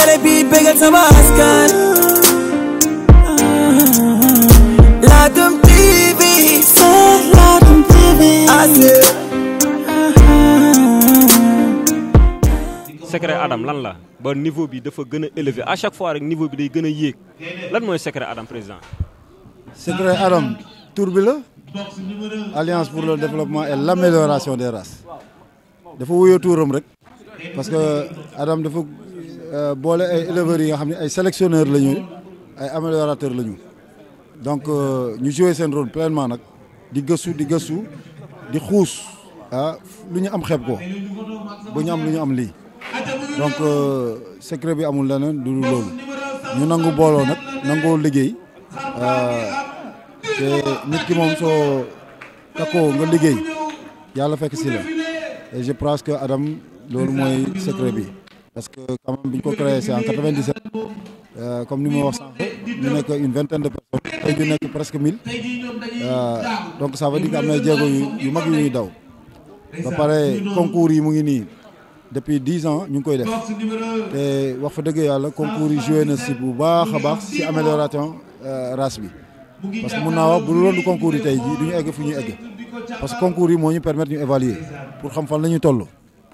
télé bi bégal secret Adam lan la ba niveau bi dafa gën a élevé à chaque fois rek niveau bi day gën a yéeg lan mooy secret Adam président secret Adam tour bi la alliance pour le développement et l'amélioration des races dafa wuyoo tuuram rek parce que Adam dafa Euh, boole ay éleveurs yi nga xam ne ay sélectionneurs la ñu ay améliorateurs la euh, ñu donc ñu jouer seen rôle pleinement nag di gëstu di gëstu di xuus ah lu ñu am xeeb ko ba ñu am lu ñu am lii donc euh, secret bi amul leneen du loolu ñu nangu booloo nag nangoo liggéey te nit ki moom soo takkoo nga liggéey yàlla fekk si la je pense que Adam loolu mooy secret bi. parce que quand même bi ñu ko créé c'est en 97 euh, comme ni ma wax sànq ñu nekk une vingtaine de personnes tey ñu nekk presque mille euh, donc ça veut dire am na jéego yu yu mag yu ñuy daw ba pare concours yi mu ngi nii depuis dix ans ñu ngi koy def te wax fa dëgg yàlla concours yi joué na si bu baax a baax si amélioration euh, race bi parce que mun naa wax bu loolu du concours yi tey jii du ñu egg fu ñu egg parce que concours yi moo ñu permettre ñu évaluer pour xam fan la ñu toll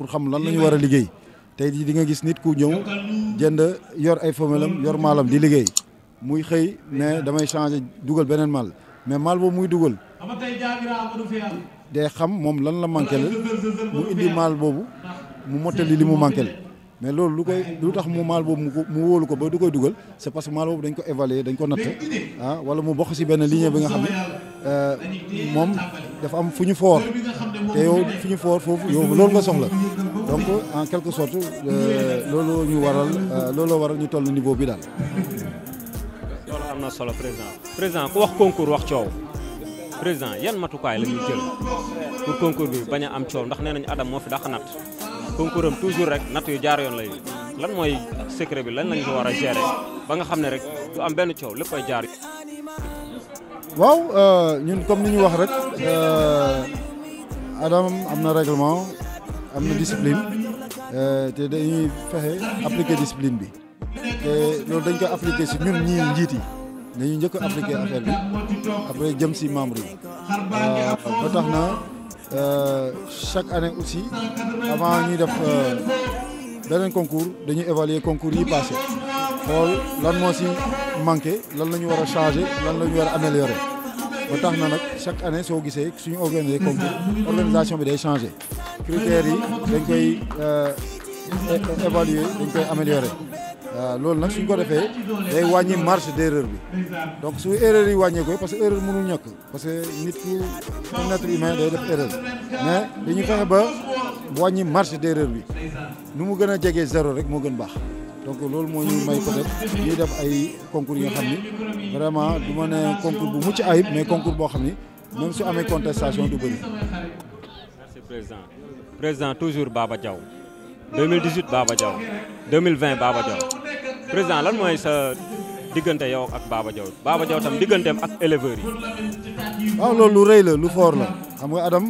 pour xam lan la ñu war a liggéey tey jii di nga gis nit ku ñëw jënd yor ay formelam yor maalam di liggéey muy xëy mais damay changer dugal beneen maal mais maal boobu muy dugal day xam moom lan la manqué la mu indi maal boobu mu mottali li mu manqué la mais loolu lu koy lu tax mu maal boobu mu ko mu wóolu ko ba du koy dugal c'est parce que maal boobu dañ ko évaluer dañ ko natt ah wala mu bokk ci benn ligne bi nga xam ne euh, moom dafa am fu ñu foor te yow fu ñu foor foofu loolu nga soxla donc en quelque sorte euh, loolu ñu waral euh, loolu waral ñu toll niveau bi daal. loolu am na solo président président wax concours wax coow président yan matukaay la ñuy jël pour concours bi bañ a am coow ndax nee nañu Adam moo fi dàq natt concours am toujours rek natt yu jaar yoon lay lan mooy secret bi lan lañu ko war a gérer ba nga xam ne rek du am benn coow léppay jaar. waaw euh, comme ni ñu wax rek Adam am na règlement. am na discipline euh, te dañuy fexe appliquer discipline bi te loolu dañ ko appliquer si ñun ñii njiit yi dañuy njëkk a appliquer affaire bi après jëm si membre yi euh, ba tax na euh, chaque année aussi avant ñuy def beneen concours dañuy évaluer concours yi passé xool lan moo si manqué lan la ñu war a changé lan la ñu war a amélioré ba tax na nag chaque année soo gisee suñu organiser concours organisation bi day changé critères yi dañ koy euh, évaluer dañ koy améliorer waaw euh, loolu nag suñ ko defee day wàññi marge d'erreur bi donc su erreur yi wàññee koy parce que erreur mënul ñàkk parce que nit ku un être humain day def erreur mais dañuy fexe ba wàññi marge d'erreur bi nu mu gën a jegee zéro rek moo gën baax donc loolu moo ñuy may peut-être ñuy def ay concours yi xam ni vraiment du ma ne concours bu mucc ayib mais concours boo xam ni même su amee contestation du bëri président président toujours Baba Diaw 2018 Baba Diaw vingt baaba Diaw président lan mooy sa diggante yow ak Baba Diaw Baba Diaw tam digganteem ak éleveurs yi. waaw loolu lu rëy la lu foor la xam nga Adam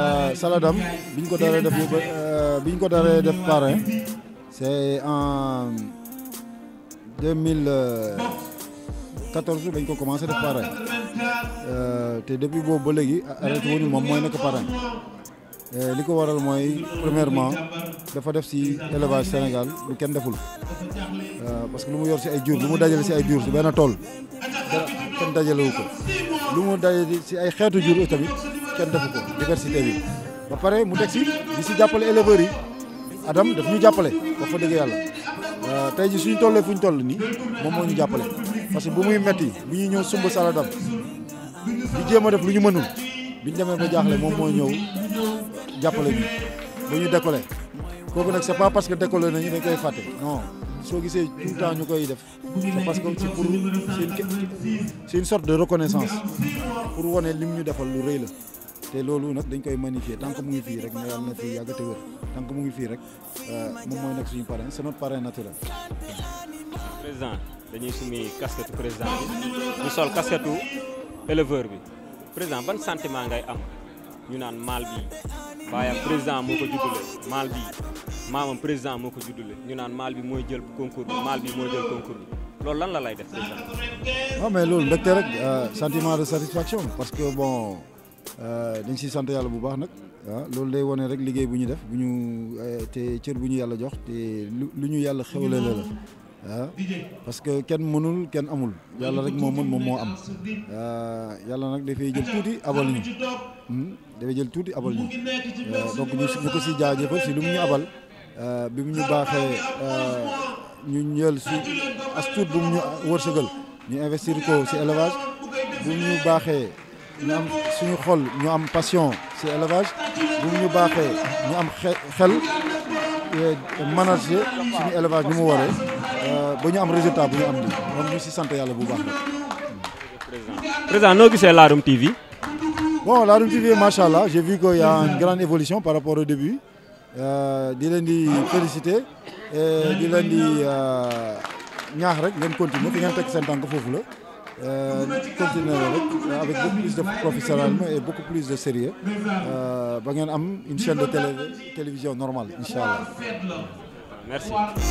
euh, Saladam bi ñu ko daree def euh, bi ñu ko daree def parrain c'est en 2014 bañ ko commencé def parrain euh, te depuis boobu ba léegi arrêté wu ñu moom mooy nekk parrain. Euh, li ko waral mooy premièrement dafa def si élevage Sénégal lu kenn deful euh, parce que lu mu yor si ay jur lu mu dajale si ay jur si benn tool kenn dajalewu ko lu mu dajale si ay xeetu jur tamit kenn defu ko si bi ba pare mu teg si di si jàppale éleveurs yi Adam daf ñu jàppale wax fa dëgg yàlla euh, tey ji suñu tollee fu ñu toll nii moom moo ñu jàppale parce que bu muy metti bi ñuy ñëw sumb saladam di jéem a def lu ñu mënul biñ demee ba jaaxle moom moo ñëw jàppale ñu ba ñu décoller kooku nag c'est pas parce que décoller nañu dañ koy fàtte non soo gisee tout temps ñu koy def c'est parce que c'est pour c'est une sorte de reconnaissance pour wane lim ñu defal lu rëy la te loolu nag dañ koy manifier tant mu ngi fii rek na yàgg te wér tant mu ngi fii rek euh, moom mooy nekk suñu parrain c'est notre parrain naturel. président dañuy sumi casquette président bi ñu sol casquette éleveur bi président ban sentiment ngay am. ñu naan maal bi baayam président moo ko juddule maamam président moo ko juddule ñu naan maal bi mooy jël concours bi maal bi mooy jël concours bi loolu lan la lay def président. non mais loolu mbégte rek euh, sentiment de satisfaction parce que bon euh, dañ si sant yàlla bu baax nag ah, loolu day wane rek liggéey bu ñu def bu ñu euh, te cër bu ñu yàlla jox te lu ñu yàlla xewle la la. ah parce que kenn mënul kenn amul yàlla rek moo mën moom moo am euh, yàlla nag dafay jël tuuti abal ñu hmm? dafay jël tuuti abal ñu euh, donc ñu ñu ko si jaajëfal si lu mu ñu abal euh, bi mu ñu baaxee ñu ñël si as tuut bu mu ñu wërsëgal ñu investir ko si élevage ñu baaxee am suñu xol ñu am passion si élevage bu mu ñu baaxee ñu am xel manager suñu élevage ni mu waree Euh, ba ñu am résultat bu ñu am ni moom ñu si sant yàlla bu baax la. président noo gisee Ladoum TV. bon Ladoum TV macha allah j'ai vu que y une grande évolution par rapport au début euh, di leen di féliciter et di leen di euh, ñaax rek ngeen continuer fi ngeen teg seen tànk foofu la. continuer rek avec beaucoup plus de professionnalisme beaucoup plus de sérieux ba ngeen am une chaîne de télé télévision normale incha merci.